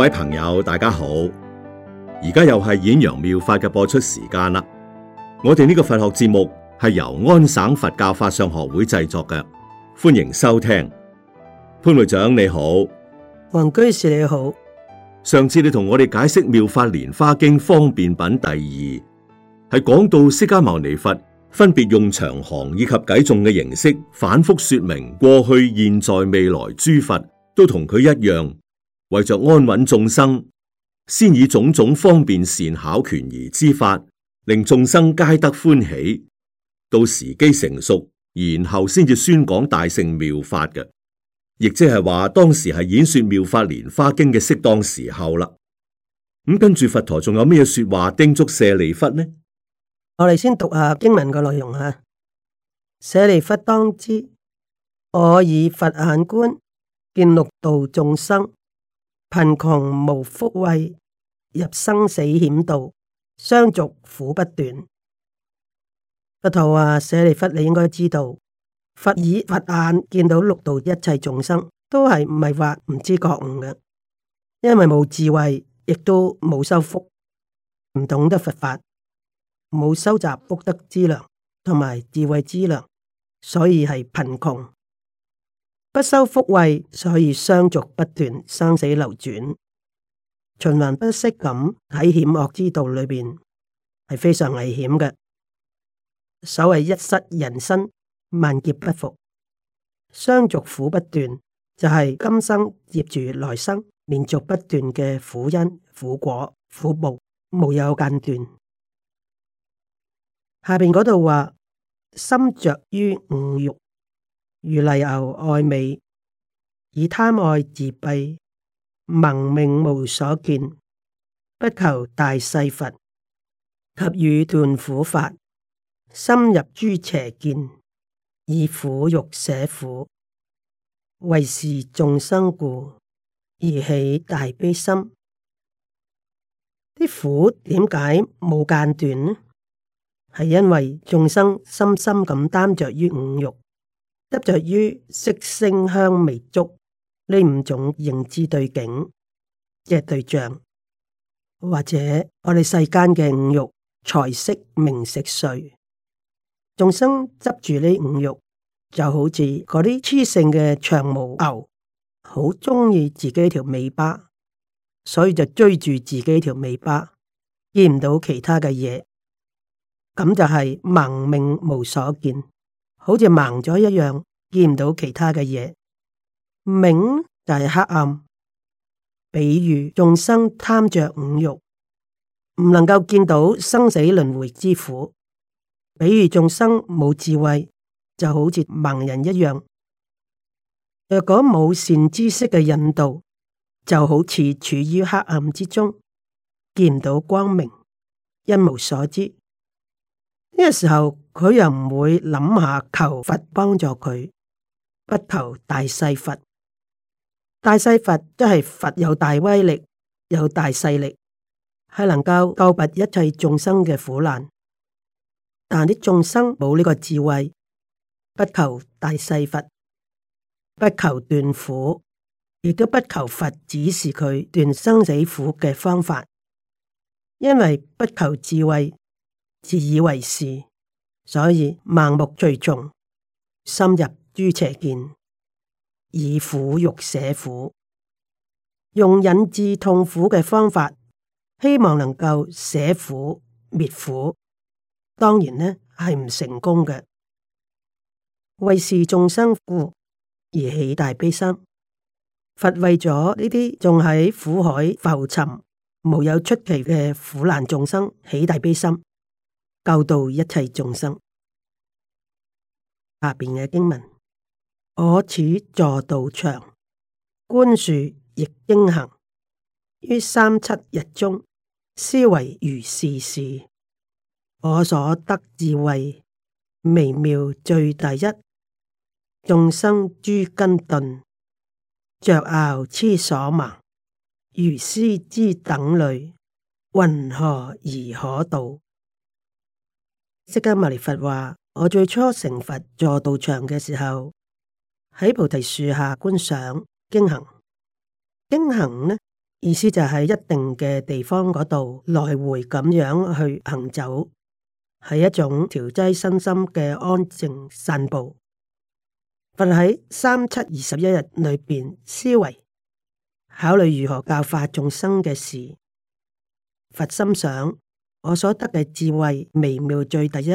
各位朋友，大家好！而家又係演《陽妙，妙法》嘅播出時間啦。我哋呢個佛學節目係由安省佛教法相學會製作嘅，歡迎收聽。潘會長你好，黃居士你好。上次你同我哋解釋《妙法蓮花經方便品》第二，係講到釋迦牟尼佛分別用長行以及偈頌嘅形式，反覆說明過去、現在、未來諸佛都同佢一樣。為着安穩眾生，先以種種方便善巧權宜之法，令眾生皆得歡喜。到時機成熟，然後先至宣講大乘妙法嘅，亦即係話當時係演說妙法《蓮花經》嘅適當時候啦。咁、嗯、跟住佛陀仲有咩說話叮囑舍利弗呢？我哋先讀下經文嘅內容啊。舍利弗當知，我以佛眼觀見六道眾生。貧窮無福慧，入生死險道，相續苦不斷。佛陀啊，舍利弗，你應該知道，佛耳佛眼見到六道一切眾生，都係唔係話唔知覺悟嘅，因為冇智慧，亦都冇修福，唔懂得佛法，冇收集福德之糧同埋智慧之糧，所以係貧窮。不修福慧，所以相續不斷，生死流轉，循環不息咁喺險惡之道裏邊，係非常危險嘅。所謂一失人身，萬劫不復，相續苦不斷，就係、是、今生接住來生，連續不斷嘅苦因、苦果、苦報，無有間斷。下面嗰度話，心着於五欲。如犁牛愛尾，以貪愛自蔽，盲瞑無所見，不求大勢佛及與斷苦法，深入諸邪見，以苦欲捨苦，為是眾生故而起大悲心。啲苦點解冇間斷呢？係因為眾生深深咁擔着於五欲。執着於色聲香味觸，呢五種認知對境嘅對象，或者我哋世間嘅五欲財色名食睡，眾生執住呢五欲，就好似嗰啲雌性嘅長毛牛，好中意自己一條尾巴，所以就追住自己條尾巴，見唔到其他嘅嘢，咁就係盲命無所見。好似盲咗一樣，見唔到其他嘅嘢。冥就係黑暗，比如眾生貪着五欲，唔能夠見到生死輪回之苦。比如眾生冇智慧，就好似盲人一樣。若果冇善知識嘅引導，就好似處於黑暗之中，見唔到光明，一無所知。呢個時候佢又唔會諗下求佛幫助佢，不求大勢佛。大勢佛即係佛有大威力，有大勢力，係能夠救拔一切眾生嘅苦難。但啲眾生冇呢個智慧，不求大勢佛，不求斷苦，亦都不求佛指示佢斷生死苦嘅方法，因為不求智慧。自以為是，所以盲目追從，深入諸邪見，以苦欲捨苦，用引致痛苦嘅方法，希望能夠捨苦滅苦，當然呢係唔成功嘅。為是眾生故而起大悲心，佛為咗呢啲仲喺苦海浮沉、無有出期嘅苦難眾生起大悲心。救度一切眾生。下邊嘅經文：我處坐道場，觀樹亦經行。於三七日中，思維如是事。我所得智慧微妙最第一。眾生諸根鈍，着樂痴所盲，如斯之等類，云何而可度？即刻，摩尼佛話：我最初成佛坐道場嘅時候，喺菩提樹下觀賞經行。經行呢意思就係一定嘅地方嗰度來回咁樣去行走，係一種調齋身心嘅安靜散步。佛喺三七二十一日裏邊思維，考慮如何教化眾生嘅事。佛心想。我所得嘅智慧微妙最第一，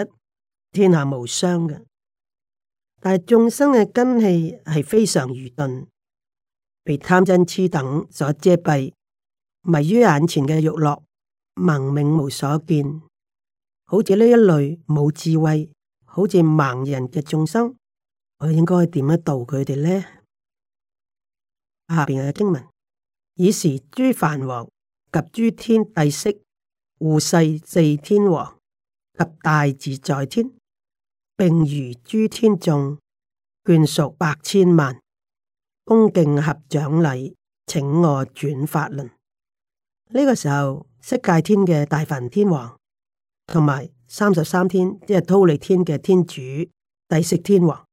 天下無雙嘅。但係眾生嘅根器係非常愚鈍，被貪嗔癡等所遮蔽，迷於眼前嘅欲樂，盲瞑無所見。好似呢一類冇智慧，好似盲人嘅眾生，我應該點樣度佢哋呢？下邊嘅經文，爾時諸梵王及諸天帝釋。護世四天王及大自在天，並餘諸天眾眷屬百千萬，恭敬合掌禮，請我轉法輪。呢、這個時候，色界天嘅大梵天王，同埋三十三天即係忉利天嘅天主帝釋天王，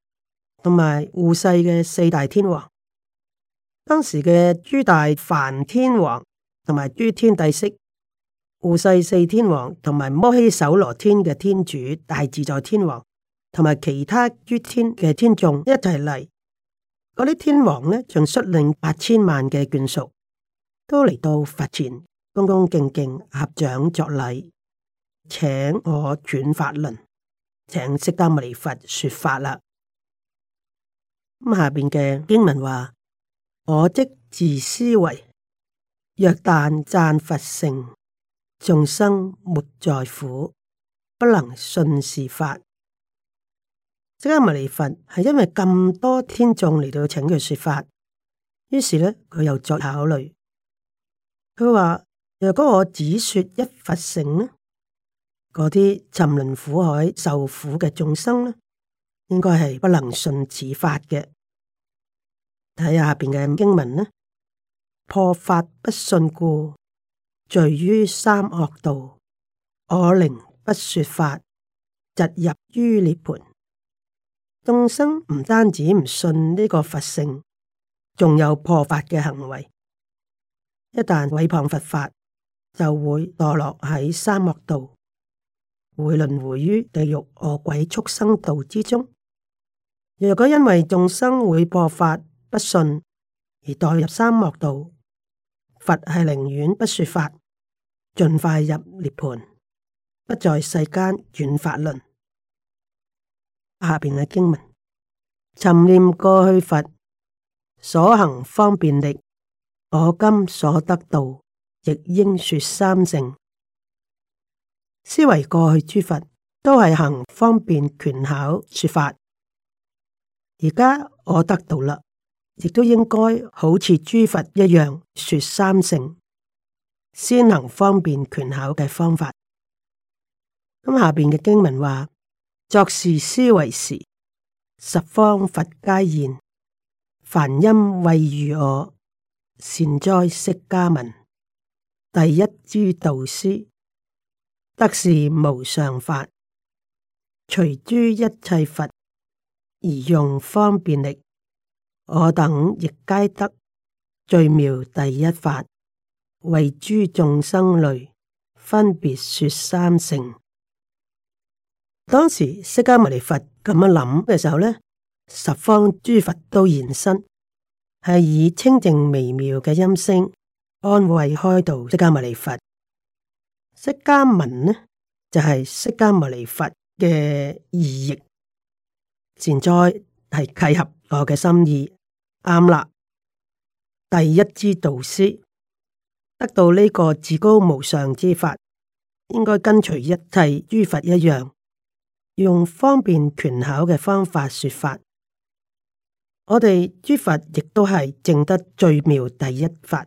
同埋護世嘅四大天王，當時嘅諸大梵天王同埋諸天帝釋。護世四天王同埋摩醯首羅天嘅天主大自在天王，同埋其他諸天嘅天眾一齊嚟，嗰啲天王呢，仲率領八千萬嘅眷屬都嚟到佛前恭恭敬敬合掌作禮，請我轉法輪，請釋迦牟尼佛說法啦。咁下邊嘅經文話：我即自思維，若但贊佛乘。」眾生沒在苦，不能信是法。釋迦牟尼佛係因為咁多天眾嚟到請佢說法，於是咧佢又再考慮。佢話：若果我只說一佛性，呢，嗰啲沉淪苦海受苦嘅眾生呢，應該係不能信此法嘅。睇下下邊嘅經文呢，破法不信故。墜於三惡道，我寧不說法，疾入於涅槃。眾生唔單止唔信呢個佛性，仲有破法嘅行為。一旦毀謗佛法，就會墮落喺三惡道，會輪迴於地獄餓鬼畜生道之中。若果因為眾生會破法、不信而墮入三惡道，佛係寧願不說法。盡快入涅槃，不在世間轉法輪。下邊嘅經文：尋念過去佛所行方便力，我今所得道，亦應說三乘。思維過去諸佛都係行方便權巧說法，而家我得到啦，亦都應該好似諸佛一樣說三乘。先能方便權巧嘅方法。咁下邊嘅經文話：作是思維時，十方佛皆現，梵音慰喻我善哉釋迦文。第一之導師得是無上法，隨諸一切佛而用方便力，我等亦皆得最妙第一法。為諸眾生類分別說三乘。當時釋迦牟尼佛咁樣諗嘅時候呢十方諸佛都現身，係以清淨微妙嘅音聲安慰開導釋迦牟尼佛。釋迦文呢就係、是、釋迦牟尼佛嘅異譯，善哉係契合我嘅心意，啱啦。第一之導師。得到呢個至高無上之法，應該跟隨一切諸佛一樣，用方便權巧嘅方法說法。我哋諸佛亦都係證得最妙第一法，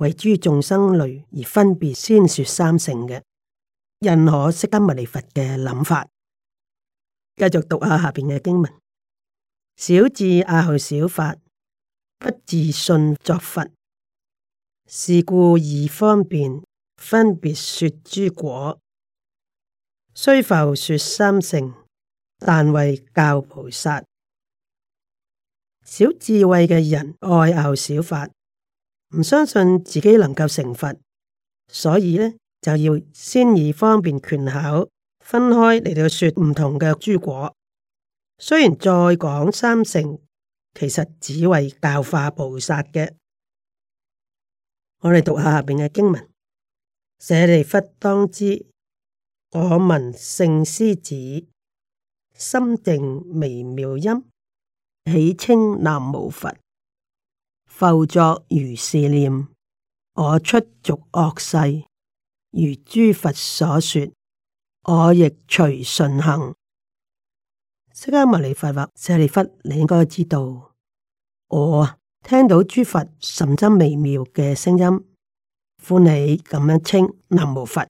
為諸眾生類而分別先說三乘嘅任何識得彌勒佛嘅諗法。繼續讀下下邊嘅經文：小智樂小法，不自信作佛。是故以方便分別說諸果，雖復說三乘，但為教菩薩。小智慧嘅人愛拗小法，唔相信自己能夠成佛，所以呢，就要先以方便權巧分開嚟到說唔同嘅諸果。雖然再講三乘，其實只為教化菩薩嘅。我哋讀下下邊嘅經文：舍利弗當知，我聞聖師子，心定微妙音，喜清南無佛，浮作如是念，我出俗惡世，如諸佛所說，我亦隨順行。釋迦牟尼佛話：舍利弗，你應該知道我啊。聽到諸佛甚深微妙嘅聲音，歡喜咁樣稱南無佛，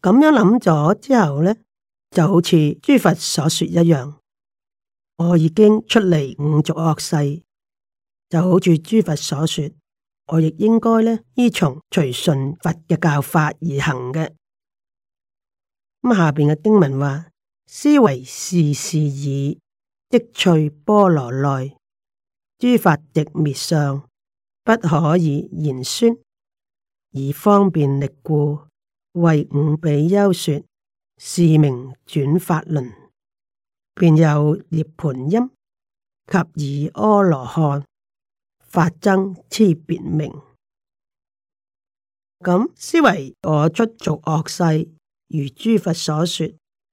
咁樣諗咗之後咧，就好似諸佛所說一樣，我已經出離五濁惡世，就好似諸佛所說，我亦應該咧依從隨順佛嘅教法而行嘅。咁下邊嘅經文話：思惟是事已，即趣波羅奈。諸法寂滅相，不可以言宣，以方便力故，為五比丘說。是名轉法輪，便有涅槃音，及以阿羅漢，法僧差別名。咁思維我出濁惡世，如諸佛所說，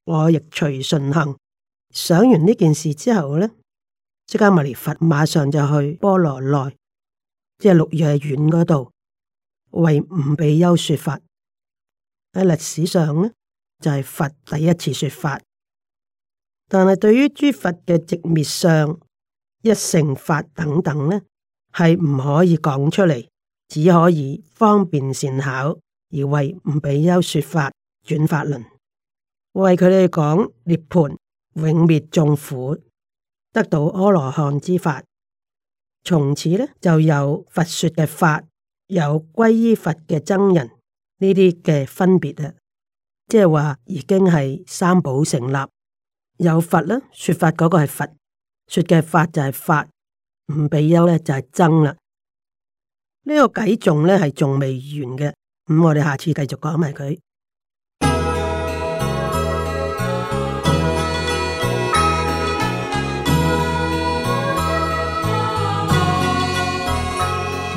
我亦隨順行。想完呢件事之後呢。即刻釋迦牟尼佛，馬上就去波羅奈，即係鹿野苑嗰度為五比丘說法。喺歷史上呢，就係、是、佛第一次說法。但係對於諸佛嘅寂滅相、一乘法等等呢，係唔可以講出嚟，只可以方便善巧而為五比丘說法轉法輪，為佢哋講涅槃永滅眾苦。得到阿羅漢之法，從此咧就有佛說嘅法，有歸依佛嘅僧人呢啲嘅分別啊，即係話已經係三寶成立，有佛啦，說法嗰個係佛，說嘅法就係法，唔比丘咧就係僧啦，呢、這個偈仲咧係仲未完嘅。咁、嗯、我哋下次繼續講埋佢。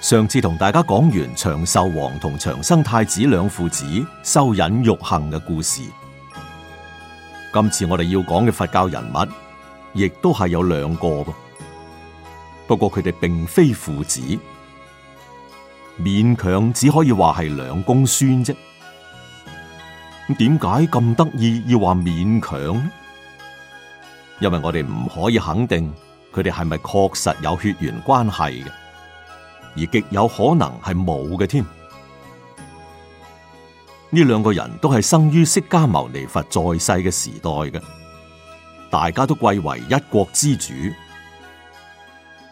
上次同大家講完長壽王同長生太子兩父子修忍辱行嘅故事，今次我哋要講嘅佛教人物，亦都係有兩個，不過佢哋並非父子，勉強只可以話係兩公孫啫。咁點解咁得意要話勉強呢？因為我哋唔可以肯定佢哋係咪確實有血緣關係嘅。而極有可能係冇嘅添。呢兩個人都係生於釋迦牟尼佛在世嘅時代嘅，大家都貴為一國之主。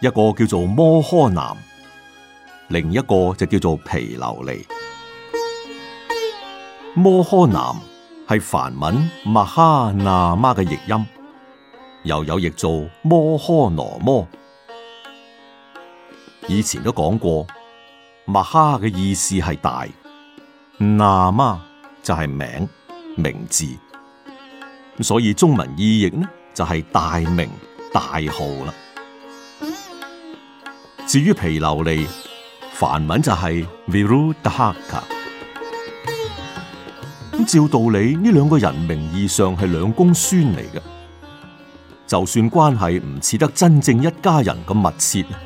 一個叫做摩訶男，另一個就叫做毗琉璃。摩訶男係梵文嘛哈那媽嘅譯音，又有譯做摩訶羅摩。以前都講過，摩訶嘅意思係大，那媽就係名名字，所以中文意譯呢就係、是、大名大號啦。至於毗琉璃，梵文就係 Virudhaka。咁照道理呢兩個人名義上係兩公孫嚟嘅，就算關係唔似得真正一家人咁密切。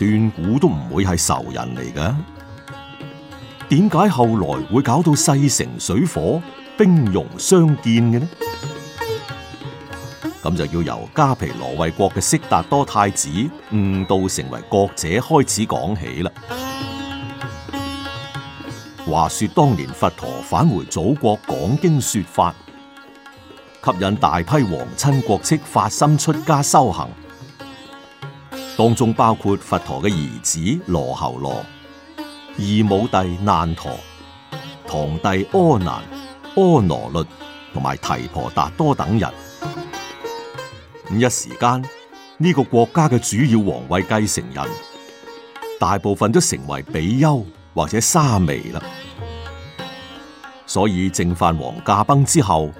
斷估都唔會係仇人嚟㗎，點解後來會搞到勢成水火、兵戎相見嘅呢？咁就要由迦毗羅衛國嘅悉達多太子悟道成為覺者開始講起啦。話說當年佛陀返回祖國講經說法，吸引大批皇親國戚發心出家修行。當中包括佛陀嘅兒子羅睺羅、異母弟難陀、堂弟阿難、阿羅律同埋提婆達多等人。咁一時間呢、這個國家嘅主要皇位繼承人，大部分都成為比丘或者沙彌啦。所以淨飯王駕崩之後，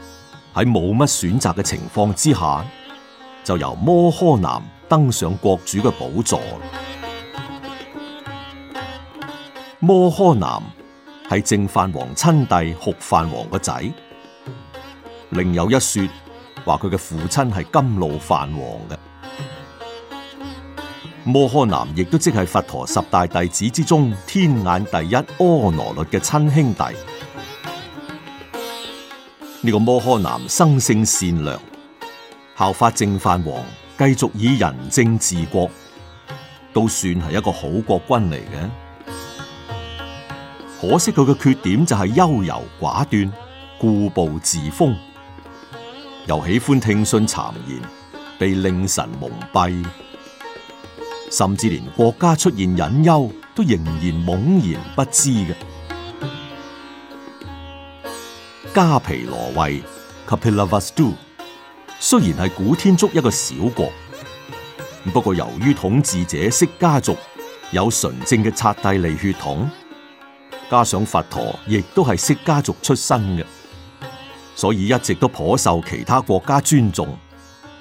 喺冇乜選擇嘅情況之下，就由摩訶男登上國主嘅寶座。摩訶男係淨飯王親弟，斛飯王嘅仔。另有一說，話佢嘅父親係甘露飯王嘅。摩訶男亦都即係佛陀十大弟子之中天眼第一阿羅，羅律嘅親兄弟。呢、這個摩訶男生性善良，效法淨飯王。繼續以仁政治國，都算係一個好國君嚟嘅。可惜佢嘅缺點就係優柔寡斷、固步自封，又喜歡聽信讒言，被令臣蒙蔽，甚至連國家出現隱憂都仍然懵然不知嘅。加皮羅衛 （Capilavastu）。雖然係古天竺一個小國，不過由於統治者釋迦族有純正嘅剎帝利血統，加上佛陀亦都係釋迦族出身嘅，所以一直都頗受其他國家尊重，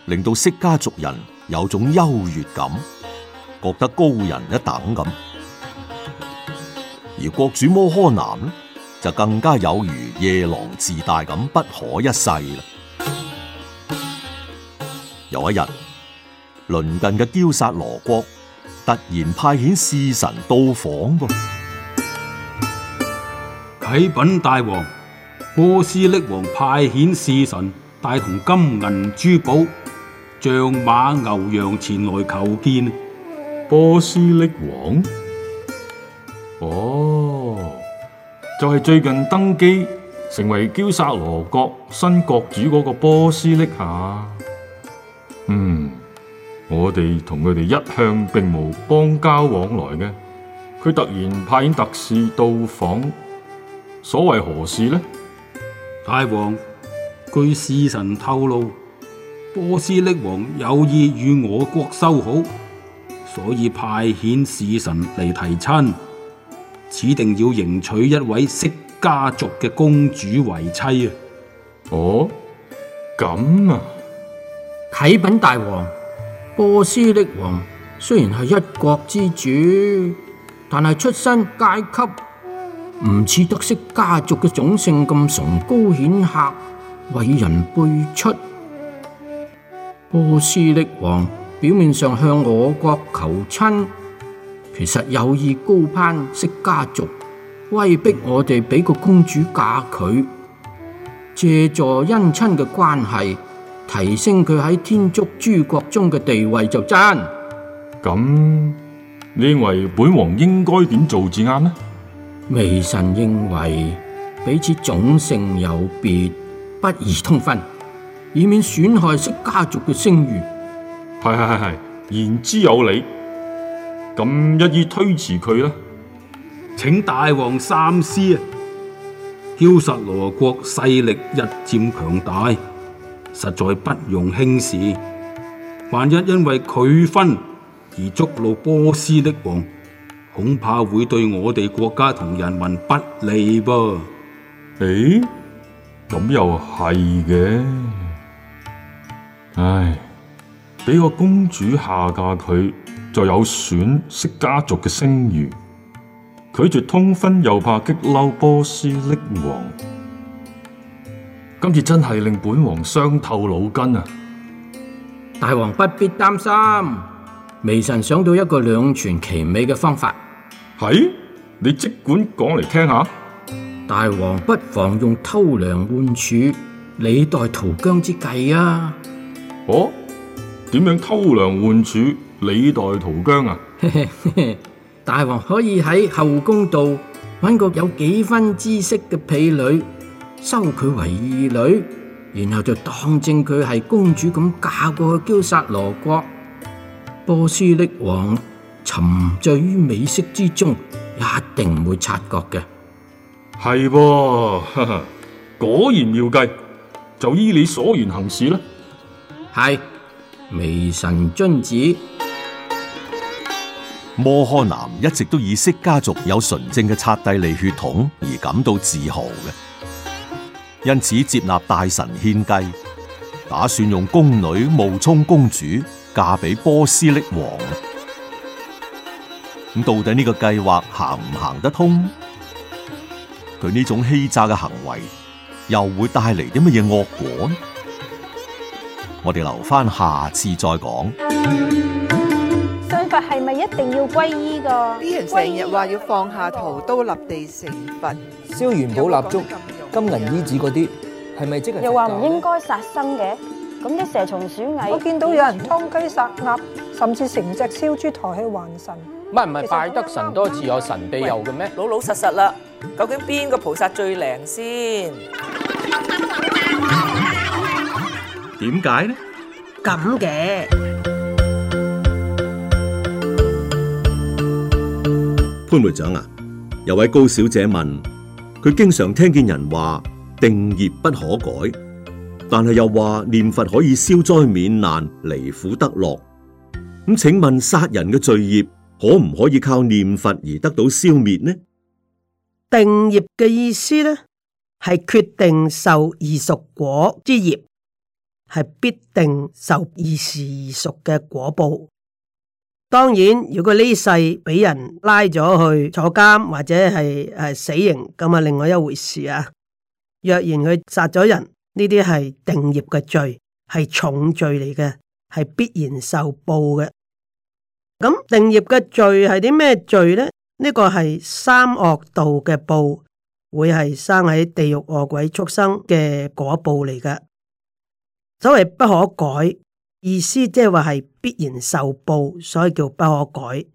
令到釋迦族人有種優越感，覺得高人一等咁。而國主摩訶男就更加有如夜郎自大咁，不可一世啦。有一日，鄰近嘅憍薩羅國突然派遣侍臣到訪噃、啊。啟稟大王，波斯匿王派遣侍臣帶同金銀珠寶、象馬牛羊前來求見。波斯匿王？哦，就係、是、最近登基成為憍薩羅國新國主嗰個波斯匿下。嗯，我哋同佢哋一向並無邦交往來嘅，佢突然派遣特使到訪，所謂何事呢？大王，據侍臣透露，波斯匿王有意與我國修好，所以派遣侍臣嚟提親，此定要迎娶一位釋迦族嘅公主為妻、哦、啊！哦，咁啊！啟稟大王，波斯匿王雖然係一國之主，但係出身階級唔似得釋家族嘅種姓咁崇高顯赫，偉人輩出。波斯匿王表面上向我國求親，其實有意高攀釋家族，威逼我哋俾個公主嫁佢，借助姻親嘅關係。提升佢喺天竺諸國中嘅地位就真。咁你認為本王應該點做至啱呢？微臣認為彼此種姓有別，不宜通婚，以免損害釋家族嘅聲譽。係係係係，言之有理。咁一於推辭佢啦。請大王三思啊！憍薩羅國勢力日漸強大。實在不容輕視，萬一因為佢婚而觸怒波斯匿王，恐怕會對我哋國家同人民不利噃。誒、欸，咁又係嘅。唉，俾個公主下嫁佢，就有損釋家族嘅聲譽；拒絕通婚，又怕激嬲波斯匿王。今次真係令本王傷透腦筋啊！大王不必擔心，微臣想到一個兩全其美嘅方法。係？你即管講嚟聽下。大王不妨用偷梁換柱、李代桃僵之計啊！哦，點樣偷梁換柱、李代桃僵啊？ 大王可以喺後宮度揾個有幾分知識嘅婢女，收佢為義女，然後就當正佢係公主咁嫁過去。憍薩羅國波斯匿王沉醉於美色之中，一定唔會察覺嘅。係噃，果然妙計，就依你所言行事啦。係，微臣遵旨。摩訶男一直都以釋家族有純正嘅剎帝利血統而感到自豪嘅。因此接納大臣獻計，打算用宮女冒充公主嫁俾波斯匿王。咁到底呢個計劃行唔行得通？佢呢種欺詐嘅行為又會帶嚟啲乜嘢惡果？我哋留翻下次再講。佛係咪一定要皈依噶？啲人成日話要放下屠刀立地成佛，燒元寶蠟燭、金銀衣紙嗰啲，係咪即係？又話唔應該殺生嘅，咁啲蛇蟲鼠蟻，我見到有人殺雞殺鴨，甚至成隻燒豬抬去還神。唔係唔係，拜得神多自有神庇佑嘅咩？老老實實啦，究竟邊個菩薩最靈先？點解呢？咁嘅。潘會長啊，有位高小姐問，佢經常聽見人話定業不可改，但係又話念佛可以消災免難、離苦得樂。咁請問殺人嘅罪業可唔可以靠念佛而得到消滅呢？定業嘅意思咧，係決定受異熟果之業，係必定受異時異熟嘅果報。當然，如果呢世畀人拉咗去坐監或者係係死刑，咁啊另外一回事啊。若然佢殺咗人，呢啲係定業嘅罪，係重罪嚟嘅，係必然受報嘅。咁定業嘅罪係啲咩罪咧？呢個係三惡道嘅報，會係生喺地獄惡鬼畜生嘅果報嚟嘅，所謂不可改。意思即係話係必然受報，所以叫不可改。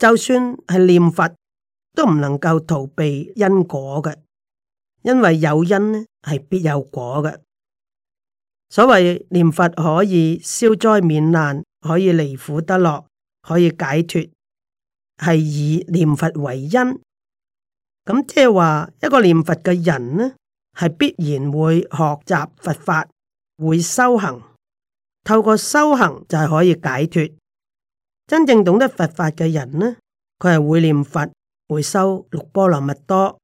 就算係念佛，都唔能夠逃避因果嘅，因為有因呢係必有果嘅。所謂念佛可以消災免難，可以離苦得樂，可以解脱，係以念佛為因。咁即係話一個念佛嘅人呢，係必然會學習佛法，會修行。透過修行就係可以解脱。真正懂得佛法嘅人呢，佢係會念佛，會修六波羅蜜多，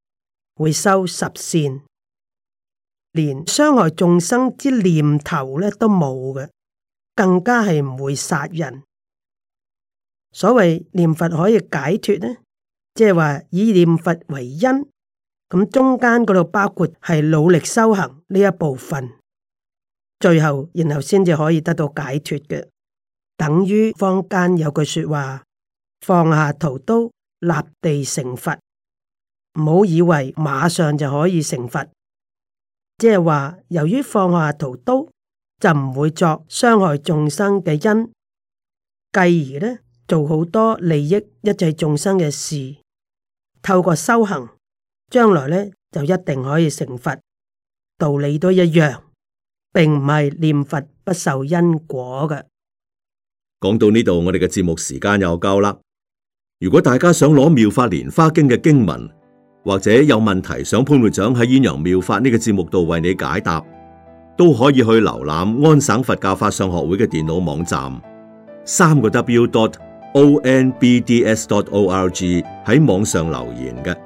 會修十善，連傷害眾生之念頭呢都冇嘅，更加係唔會殺人。所謂念佛可以解脱呢，即係話以念佛為因，咁中間嗰度包括係努力修行呢一部分。最後，然後先至可以得到解脱嘅，等於坊間有句說話：放下屠刀，立地成佛。唔好以為馬上就可以成佛，即係話由於放下屠刀，就唔會作傷害眾生嘅因，繼而呢做好多利益一切眾生嘅事。透過修行，將來呢就一定可以成佛，道理都一樣。並唔係念佛不受因果嘅。講到呢度，我哋嘅節目時間又夠啦。如果大家想攞妙法蓮華經嘅經文，或者有問題想潘會長喺《鴛鴦妙法》呢個節目度為你解答，都可以去瀏覽安省佛教法相學會嘅電腦網站，三個 w dot o n b d s dot o r g 喺網上留言嘅。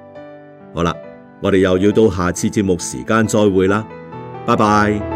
好啦，我哋又要到下次節目時間再會啦，拜拜。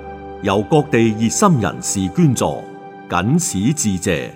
由各地熱心人士捐助，僅此致謝。